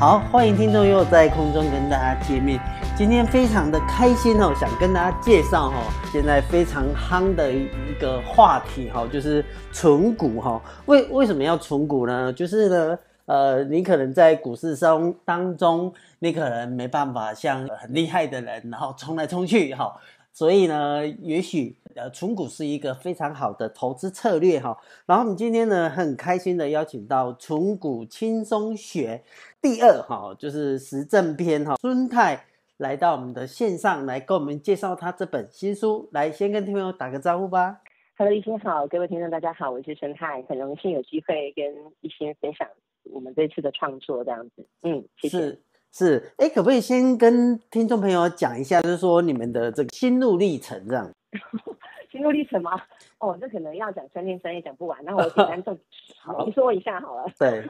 好，歡迎聽眾又在空中跟大家見面。今天非常的開心哦，想跟大家介紹哦，現在非常夯的一個話題哈，就是存股哈。為為什麼要存股呢？就是呢，呃，你可能在股市中當中，你可能沒辦法像很厲害的人，然後衝來衝去哈。所以呢，也許呃，存股是一個非常好的投資策略哈。然後我們今天呢，很開心的邀請到《存股輕鬆學》第二哈，就是實證篇哈，孫太來到我們的線上來跟我們介紹他這本新書。來，先跟聽眾打個招呼吧。Hello，一心好，各位聽眾大家好，我是孫太，很榮幸有機會跟一心分享我們這次的創作，這樣子，嗯，謝謝。是，哎，可不可以先跟聽眾朋友講一下，就是說你們的這個心路歷程這樣？ 心路歷程嗎？哦，這可能要講三天三夜講不完。那我簡單就 好說一下好了。 對，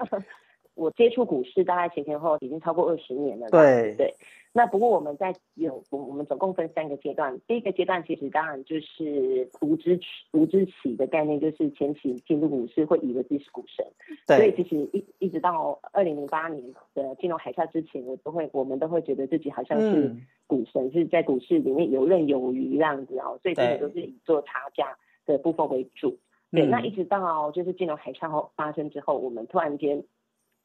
我接觸股市大概前前後後已經超過二十年了。對對。對那不過我們在有，我們總共分三個階段。第一個階段其實當然就是無知期，無知期的概念就是前期進入股市會以為自己是股神，對所以其實一一直到二零零八年的金融海嘯之前，我都會我們都會覺得自己好像是股神，嗯、是在股市裡面遊刃有餘這樣子哦。所以這個都是以做差價的部分為主。嗯、對，那一直到就是金融海嘯发生之後，我們突然間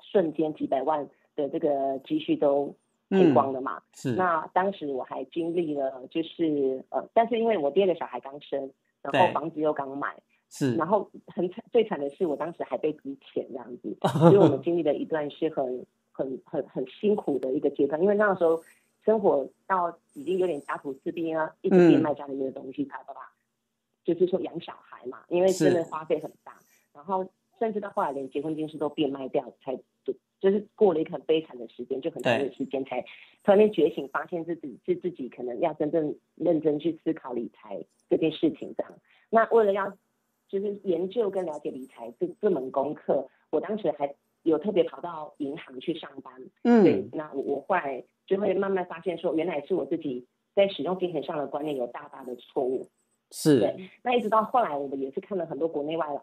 瞬間幾百萬的這個積蓄都。賠光的嘛，嗯、是。那當時我還經歷了，就是呃，但是因為我第二個小孩剛生，然後房子又剛買，是。然後很慘，最慘的是，我當時還被逼錢這樣子，所以我們經歷了一段是很、很、很、很辛苦的一個階段，因為那個時候生活到已經有點家徒四壁啊，一直變賣家裡面的東西，爸爸、嗯，就是說養小孩嘛，因為真的花費很大，是然後。但是到後來，連結婚金飾都變賣掉，才就是過了一個很悲慘的時間，就很長的時間對，才突然間覺醒，發現自己是自己可能要真正認真去思考理財這件事情這樣。那為了要就是研究跟了解理財這這門功課，我當時還有特別跑到銀行去上班。嗯，對。那我我後來就會慢慢發現，說原來是我自己在使用金錢上的觀念有大大的錯誤。是對。那一直到後來，我們也是看了很多國內外的。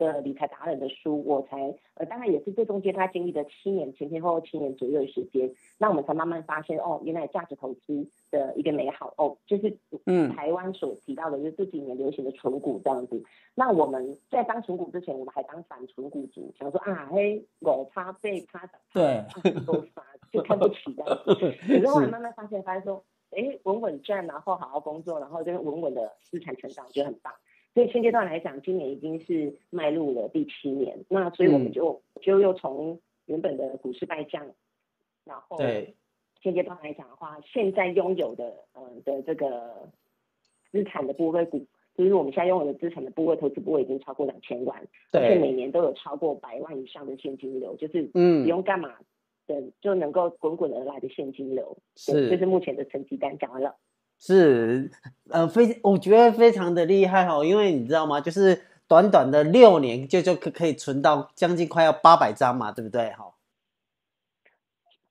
的理財達人的書，我才呃，當然也是這中間他經歷了七年前前後後七年左右的時間，那我們才慢慢發現哦，原來價值投資的一個美好哦，就是嗯，台灣所提到的，就是這幾年流行的存股這樣子。嗯、那我們在當存股之前，我們還當反存股族，想說啊嘿，我怕被他漲對、啊，不夠發，就看不起這樣子。然 是 後我慢慢發現，發現說，哎、欸，穩穩賺，然後好好工作，然後就是穩穩的資產成長，就覺得很棒。所以現階段來講，今年已經是邁入了第七年。那所以我們就、嗯、就又從原本的股市敗將，然後現階段來講的話，對現在擁有的呃的這個資產的部位股，就是我們現在擁有的資產的部位投資部位已經超過兩千萬，對而且每年都有超過百萬以上的現金流，就是嗯不用幹嘛的、嗯、就能夠滾滾而來的現金流，是對，就是目前的成績單講完了。是，呃，非，我覺得非常的厲害哈、哦，因為你知道嗎？就是短短的六年就，就就可可以存到將近快要八百張嘛，對不對哈？好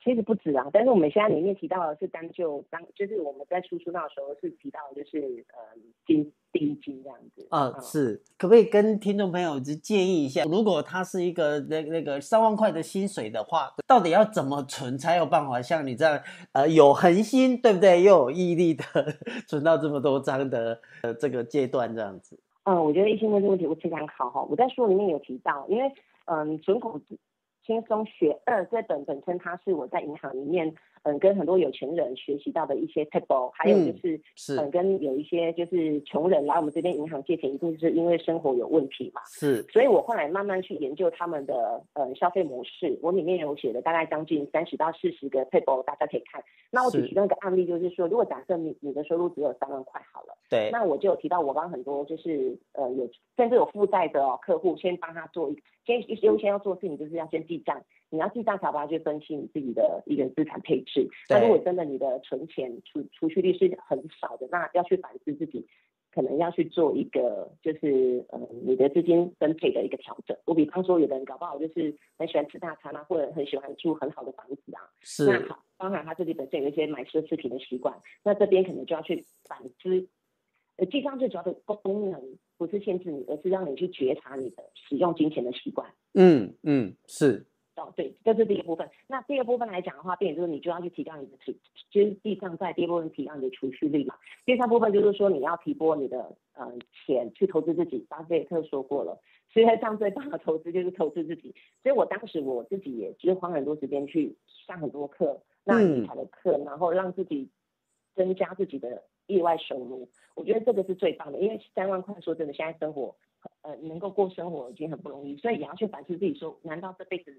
其實不止啊，但是我們現在裡面提到的是單就當，就是我們在輸出那的時候是提到，就是呃，金第金這樣子。啊、哦，嗯、是，可不可以跟聽眾朋友就建議一下，如果他是一個那那個三萬塊的薪水的話，到底要怎麼存才有辦法像你這樣呃有恆心，對不對？又有毅力的存到這麼多張的、呃、這個階段這樣子？嗯，我覺得一心問這個問題我非常好哈，我在書裡面有提到，因為嗯，存款。《輕鬆學二》這、呃、本本身，它是我在銀行裡面，嗯，跟很多有錢人學習到的一些 table，還有就是，嗯、是、嗯，跟有一些就是窮人來我們這邊銀行借錢，一定就是因為生活有問題嘛，是，所以我後來慢慢去研究他們的呃、嗯、消費模式，我裡面有寫的大概將近三十到四十個 table，大家可以看。那我舉一個案例，就是說，如果假設你你的收入只有三萬塊好了，對，那我就有提到我幫很多就是呃有甚至有負債的、哦、客戶先幫他做一個。先優先要做的事情，就是要先記賬。你要記賬，搞不好就分析你自己的一個資產配置。那對如果真的你的存錢、儲儲蓄率是很少的，那要去反思自己，可能要去做一個，就是呃，你的資金分配的一個調整。我比方說，有的人搞不好就是很喜歡吃大餐啊，或者很喜歡住很好的房子啊，是。那好，包含他自己本身有一些買奢侈品的習慣，那這邊可能就要去反思。呃，記賬最主要的功能。不是限制你，而是讓你去覺察你的使用金錢的習慣。嗯嗯，是哦，oh, 對，這、就是第一部分。那第二部分來講的話，變就是你就要去提高你的儲，就是、地上在第一部分提高你的儲蓄率嘛。第三部分就是說你要提撥你的呃錢去投資自己。巴菲特說過了，世界上最大的投資就是投資自己。所以我當時我自己也就花很多時間去上很多課，那理財的課，嗯、然後讓自己增加自己的。意外收入，我覺得這個是最棒的，因為三萬塊，說真的，現在生活，呃，能夠過生活已經很不容易，所以也要去反思自己說，難道這輩子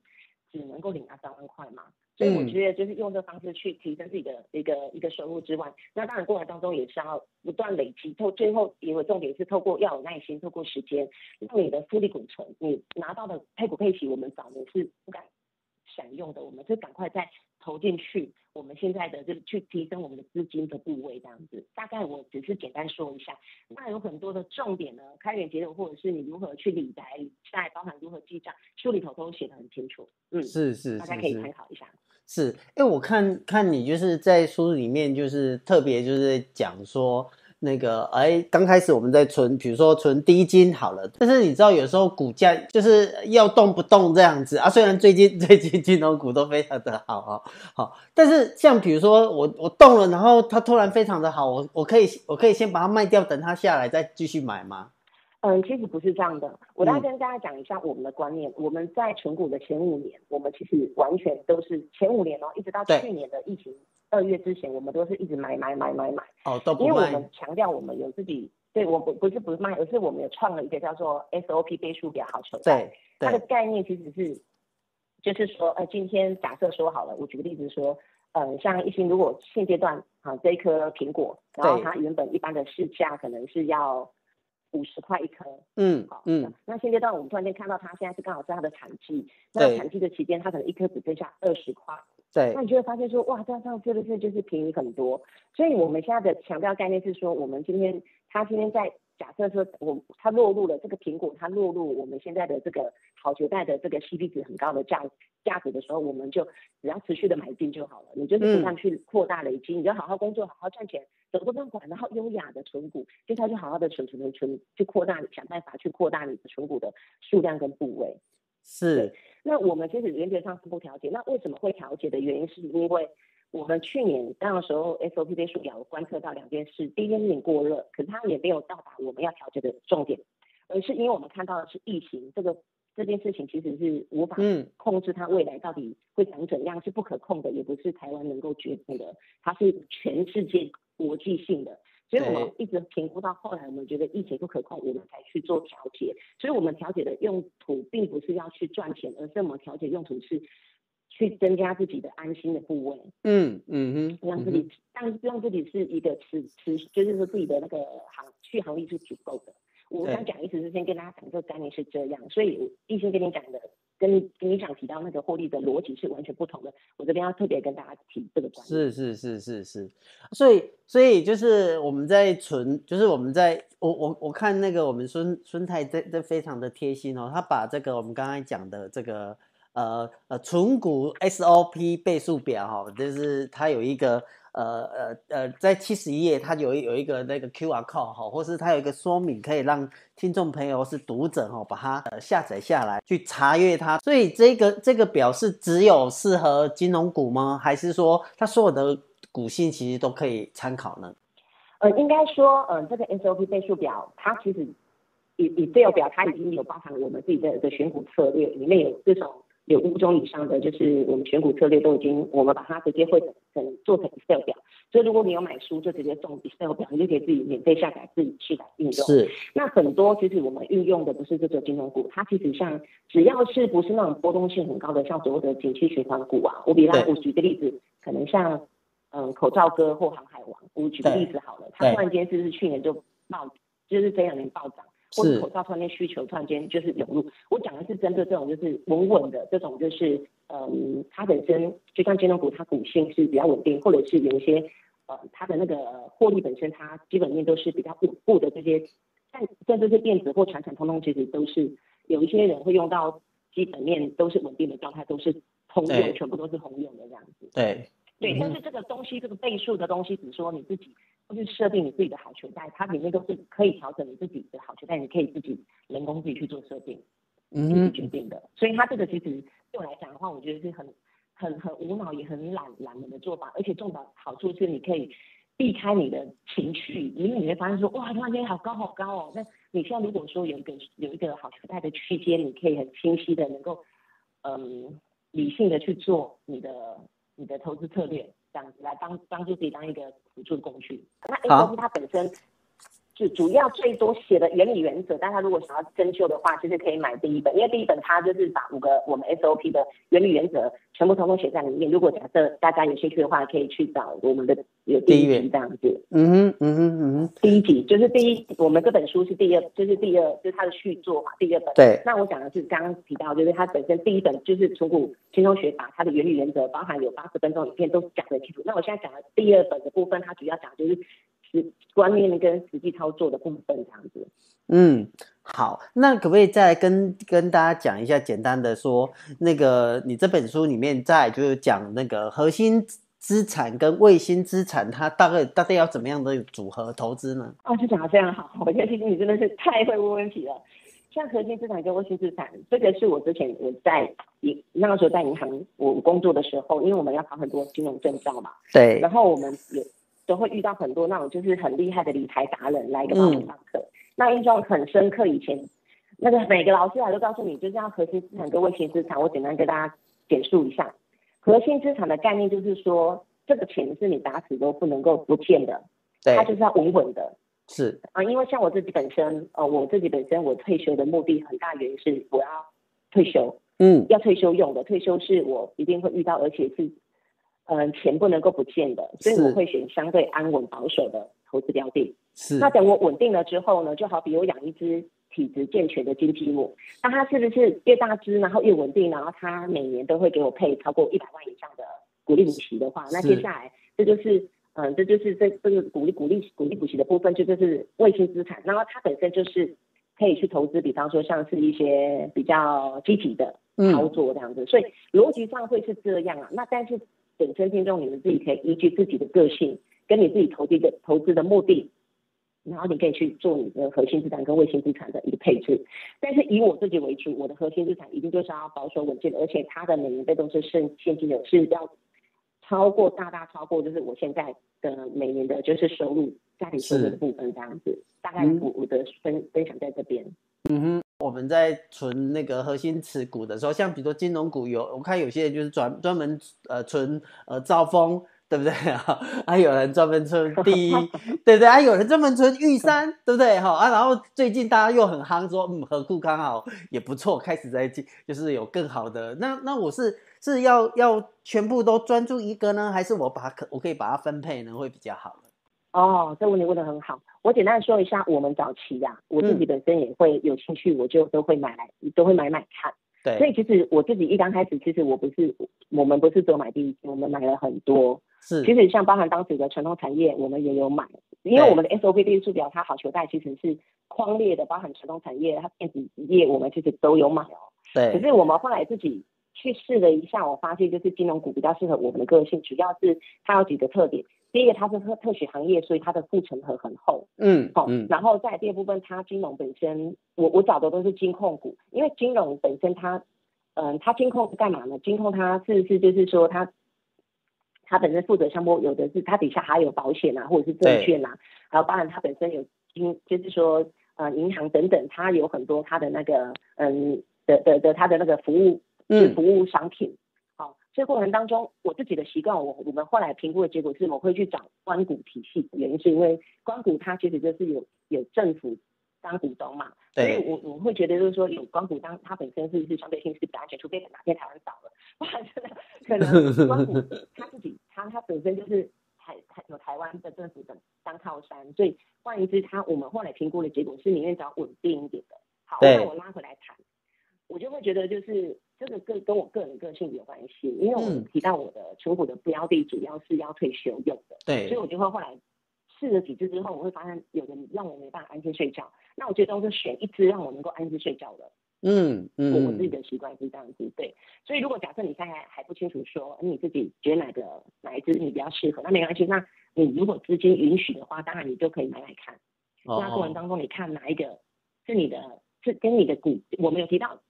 只能夠領到三萬塊嗎？所以我覺得就是用這方式去提升自己的、嗯、一個一個收入之外，那當然過程當中也是要不斷累積，透最後也有重點是透過要有耐心，透過時間讓你的複利滾存，你拿到的配股配息，我們早年是不敢。想用的，我們就趕快再投進去。我們現在的就是去提升我們的資金的部位，這樣子。大概我只是簡單說一下，那有很多的重點呢，開源節流，或者是你如何去理財、理貸，包含如何記賬，書裡頭都寫的很清楚。嗯，是是，是是大家可以參考一下。是，因為、欸、我看看你就是在書裡面就是特別就是講說。那個哎，剛開始我們在存，比如說存第一金好了。但是你知道，有時候股價就是要動不動這樣子啊。雖然最近最近金融股都非常的好哦。好，但是像比如說我我動了，然後它突然非常的好，我我可以我可以先把它賣掉，等它下來再繼續買嗎？嗯，其實不是這樣的。我大概跟大家講一下我們的觀念，我們在存股的前五年，我們其實完全都是前五年哦，一直到去年的疫情。二月之前，我們都是一直買買買買買。因為我們強調，我們有自己，對我不不是不賣，而是我們有創了一個叫做 S O P 背數比較好求的。對。它的概念其實是，就是說，呃今天假設說好了，我舉個例子說，呃，像一心如果現階段，啊，這一顆蘋果，然後它原本一般的市價可能是要五十塊一顆。對好嗯。好、啊、嗯。那現階段我們突然間看到它現在是剛好是它的產季，對那產季的期間它可能一顆只剩下二十塊。對，那你就會發現說，哇，這樣這樣是不是就是便宜很多？所以我們現在的強調概念是說，我們今天他今天在假設說，我他落入了這個蘋果，他落入我們現在的這個好球帶的這個吸引力值很高的價價值的時候，我們就只要持續的買進就好了。你就是這樣去擴大累積，你要好好工作，好好賺錢，怎麼都不用管，然後優雅的存股，接下來就好好的存存存存，去擴大想辦法去擴大你的存股的數量跟部位。是，那我們其實原則上是不調節，那為什麼會調節的原因，是因為我們去年那個時候 S O P 的數有觀測到兩件事，第一件事過熱，可是它也沒有到達我們要調節的重點，而是因為我們看到的是疫情這個這件事情其實是無法控制，它未來到底會長怎樣是不可控的，也不是台灣能夠決定的，它是全世界國際性的。所以我們一直評估到後來，我們覺得疫情不可控，我們才去做調節。所以我們調節的用途並不是要去賺錢，而是我們調節用途是去增加自己的安心的部位嗯。嗯嗯嗯，讓自己讓讓自己是一個持持，就是說自己的那個行，續航力是足夠的。我想講一次，之前跟大家講這個概念是這樣，所以我一心跟你講的。跟你，跟你想提到那個獲利的邏輯是完全不同的，我這邊要特別跟大家提這個，是是是是是，所以所以就是我們在存，就是我們在我我我看那個我們孫孫太在在非常的貼心哦，他把這個我們剛才講的這個呃呃存股 SOP 倍數表哈、哦，就是它有一個。呃呃呃，在七十一頁，它有有一個那個 QR code 哈，或是它有一個說明，可以讓聽眾朋友是讀者哈，把它、呃、下載下來去查閱它。所以這個這個表是只有適合金融股嗎？還是說它所有的股性其實都可以參考呢？呃，應該說，嗯、呃，這個 SOP 倍數表，它其實以以這個表，它已經有包含我們自己的一個選股策略，裡面有這種。有五種以上的，就是我們選股策略都已經，我們把它直接匯總成做成 Excel 表。所以如果你有買書，就直接用 Excel 表，你就可以自己免費下載，自己去來運用。是。那很多其實我們運用的不是這個金融股，它其實像只要是不是那種波動性很高的，像所謂的景氣循環股啊。我比如，我舉個例子，可能像嗯口罩哥或航海王，我舉個例子好了，它突然間就是，是去年就暴，就是這兩年暴漲。是或者口罩突然間需求突然間就是湧入，我講的是針對這種就是穩穩的這種就是，嗯，它本身就像金融股，它股性是比較穩定，或者是有一些，呃，它的那個獲利本身它基本面都是比較穩固的這些，但但這些電子或傳統通通其實都是有一些人會用到，基本面都是穩定的狀態，都是通用，對全部都是通用的這樣子。對對，對嗯、哼但是這個東西這個倍數的東西，只說你自己，就是設定你自己的好球帶，它裡面都是可以調整你自己的好球帶，你可以自己人工自己去做設定，嗯哼，自己決定的。所以它這個其實對我來講的話，我覺得是很很很無腦也很懶懶人的做法，而且重點好處是你可以避開你的情緒，因為你會發現說哇，突然間好高好高哦。那你像如果說有一個有一個好球帶的區間，你可以很清晰的能夠嗯理性的去做你的你的投資策略。這樣子來幫幫助自己，當一個輔助工具，啊、那 A 公司它本身。就主要最多寫的原理原則，但他如果想要深究的話，就是可以買第一本，因為第一本它就是把五個我們 SOP 的原理原則全部通通寫在裡面。如果假設大家有興趣的話，可以去找我們的有第一題，這樣子。嗯嗯嗯，第一集、嗯嗯嗯、就是第一，我們這本書是第二，就是第二、就是、第二就是它的續作嘛，第二本。對。那我講的是剛剛提到，就是它本身第一本就是存股輕鬆學法，它的原理原則包含有八十分鐘的影片，都講的清楚。那我現在講的第二本的部分，它主要講就是。是觀念跟實際操作的部分，這樣子。嗯，好，那可不可以再跟跟大家講一下？簡單的說，那個你這本書裡面在就是講那個核心資產跟衛星資產，它大概大概要怎麼樣的組合投資呢？哦，是講的非常好。我覺得其實你真的是太會問問題了。像核心資產跟衛星資產，這個是我之前我在銀那個時候在銀行我工作的時候，因為我們要考很多金融證照嘛，對，然後我們也。都會遇到很多那種就是很厲害的理財達人來跟我們上課，嗯、那印象很深刻。以前那個每個老師來都告訴你，就是要核心資產、跟衛星資產。我簡單跟大家簡述一下，核心資產的概念就是說，這個錢是你打死都不能夠不見的，對，它就是要穩穩的。是啊，因為像我自己本身，呃，我自己本身，我退休的目的很大原因是我要退休，嗯，要退休用的。退休是我一定會遇到，而且是。嗯，錢不能夠不見的，所以我會選相對安穩保守的投資標的。是。那等我穩定了之後呢，就好比我養一隻體質健全的金雞母，那它是不是越大隻，然後越穩定，然後它每年都會給我配超過一百萬以上的股利股息的話，那接下來是、嗯、這就是嗯，這就是這這個股利股利股利股息的部分，就這是衛星資產。然後它本身就是可以去投資，比方說像是一些比較積極的操作這樣子，嗯、所以對邏輯上會是這樣啊。那但是。本身聽眾，你們自己可以依據自己的個性，跟你自己投資的、投資的目的，然後你可以去做你的核心資產跟衛星資產的一個配置。但是以我自己為主，我的核心資產一定就是要保守穩健的，而且它的每年被動剩現金流是要超過大大超過，就是我現在的每年的就是收入，家庭收入的部分這樣子，是大概我我的分、嗯、分享在這邊，嗯哼。我們在存那個核心持股的時候，像比如說金融股有，我看有些人就是專專門呃存呃兆豐，對不對啊？啊，有人專門存第一，對不對啊，有人專門存玉山，對不對哈？啊，然後最近大家又很夯說，說嗯合庫康好，也不錯，開始在進，就是有更好的。那那我是是要要全部都專注一個呢，還是我把可我可以把它分配呢，會比較好？哦，這問題問得很好。我簡單說一下，我們早期呀、啊，我自己本身也會有興趣，嗯、我就都會買來，都會買買看。對。所以其實我自己一剛開始，其實我不是，我們不是只買第一，我們買了很多。嗯、是。其實像包含當時的傳統產業，我們也有買，因為我們的 S O P 投資表它好球帶其實是框列的，包含傳統產業、它電子業，我們其實都有買哦。對。可是我們後來自己去試了一下，我發現就是金融股比較適合我們的個性，主要是它有幾個特點。第一個，它是特特許行業，所以它的護城河很厚。嗯，好、嗯哦，然後在第二部分，它金融本身，我我找的都是金控股，因為金融本身它，嗯、呃，它金控是幹嘛呢？金控它是不是就是說它，它本身負責項目，有的是它底下還有保險啊，或者是證券啊，還有當然它本身有金，就是說呃銀行等等，它有很多它的那個嗯的的的它的那個服務，嗯，服務商品。嗯這過程當中，我自己的習慣，我我們後來評估的結果是，我會去找官股體系。原因是因為官股它其實就是有有政府當股東嘛，對所以我我會覺得就是說有官股當它本身是不是相對性是比較安全，除非哪天台灣倒了，哇真的可能官股它自己它它 本身就是台台有台灣的政府的當靠山，所以萬一是它，我們後來評估的結果是寧願找穩定一點的。好，那我拉回來談，我就會覺得就是。這個跟我個人個性有關係，因為我提到我的存股的標的主要是要退休用的，嗯，對，所以我就會後來試了幾次之後，我會發現有的讓我沒辦法安心睡覺，那我最終就選一支讓我能夠安心睡覺的，嗯嗯，嗯我自己的習慣是這樣子，對，所以如果假設你現在還不清楚說你自己覺得哪個哪一支你比較適合，那沒關係，那你如果資金允許的話，當然你就可以買來看，哦哦那過程當中你看哪一個是你的，是跟你的股，我沒有提到。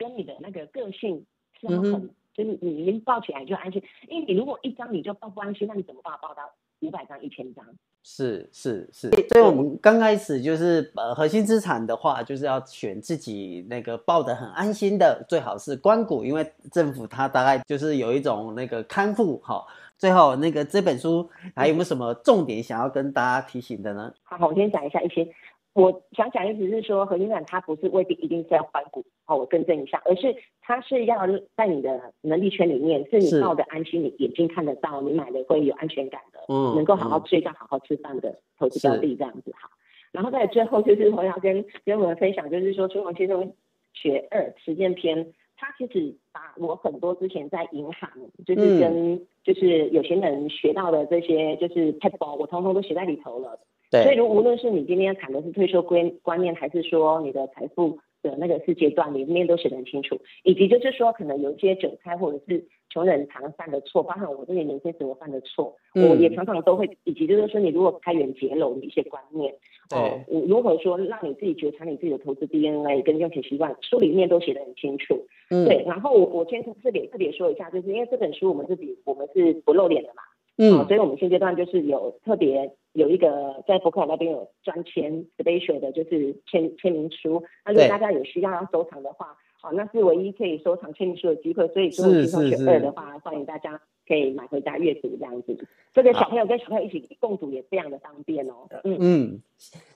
跟你的那個個性是很，就是、嗯、哼你你能抱起來就安心，因為你如果一張你就抱不安心，那你怎麼辦？報抱到五百張一千張？是是是，是是對所以我們剛開始就是呃核心資產的話，就是要選自己那個抱得很安心的，最好是官股，因為政府它大概就是有一種那個看護。好、哦，最後那個這本書還有沒有什麼重點想要跟大家提醒的呢？好，我先講一下一些。我想講的意思是說，何雲染他不是未必一定是要翻股。好，我更正一下，而是他是要在你的能力圈裡面，是你抱的安心，是你眼睛看得到，你買的會有安全感的，嗯、能夠好好睡覺、嗯、好好吃飯的投資標的是這樣子哈。然後在最後就是我要跟跟我們分享，就是說《存股輕鬆學2實踐篇》，他其實把我很多之前在銀行，就是跟、嗯、就是有些人學到的這些，就是 pad 包，我統統都寫在裡頭了。對所以，如無論是你今天談的是退休觀觀念，還是說你的財富的那個四階段，裡面都寫得很清楚。以及就是說，可能有些韭菜或者是窮人常犯的錯，包括我自己年輕時候犯的錯，我也常常都會。以及就是說，你如果開源節流的一些觀念，哦對，我、呃、如何說讓你自己覺察你自己的投資 DNA 跟用錢習慣，書裡面都寫得很清楚。嗯、對，然後我我先從這裡特別說一下，就是因為這本書我們自己我們是不露臉的嘛。嗯、哦，所以，我們現階段就是有特別有一個在博客來那邊有專簽，special 的，就是簽簽名書。那如果大家有需要要收藏的話。好、哦，那是唯一可以收藏簽名書的機會，所以《輕鬆學二》的話，是是是歡迎大家可以買回家閱讀這樣子。這個小朋友跟小朋友一起共讀也非常的方便哦。好嗯嗯，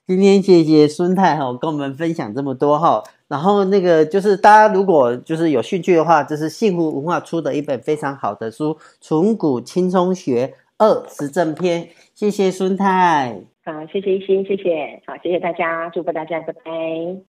今天謝謝孫太哈，跟我們分享這麼多哈、哦。然後那個就是大家如果就是有興趣的話，就是幸福文化出的一本非常好的書，《存股輕鬆學2實證篇》。謝謝孫太，好，謝謝一心，謝謝，好，謝謝大家，祝福大家，拜拜。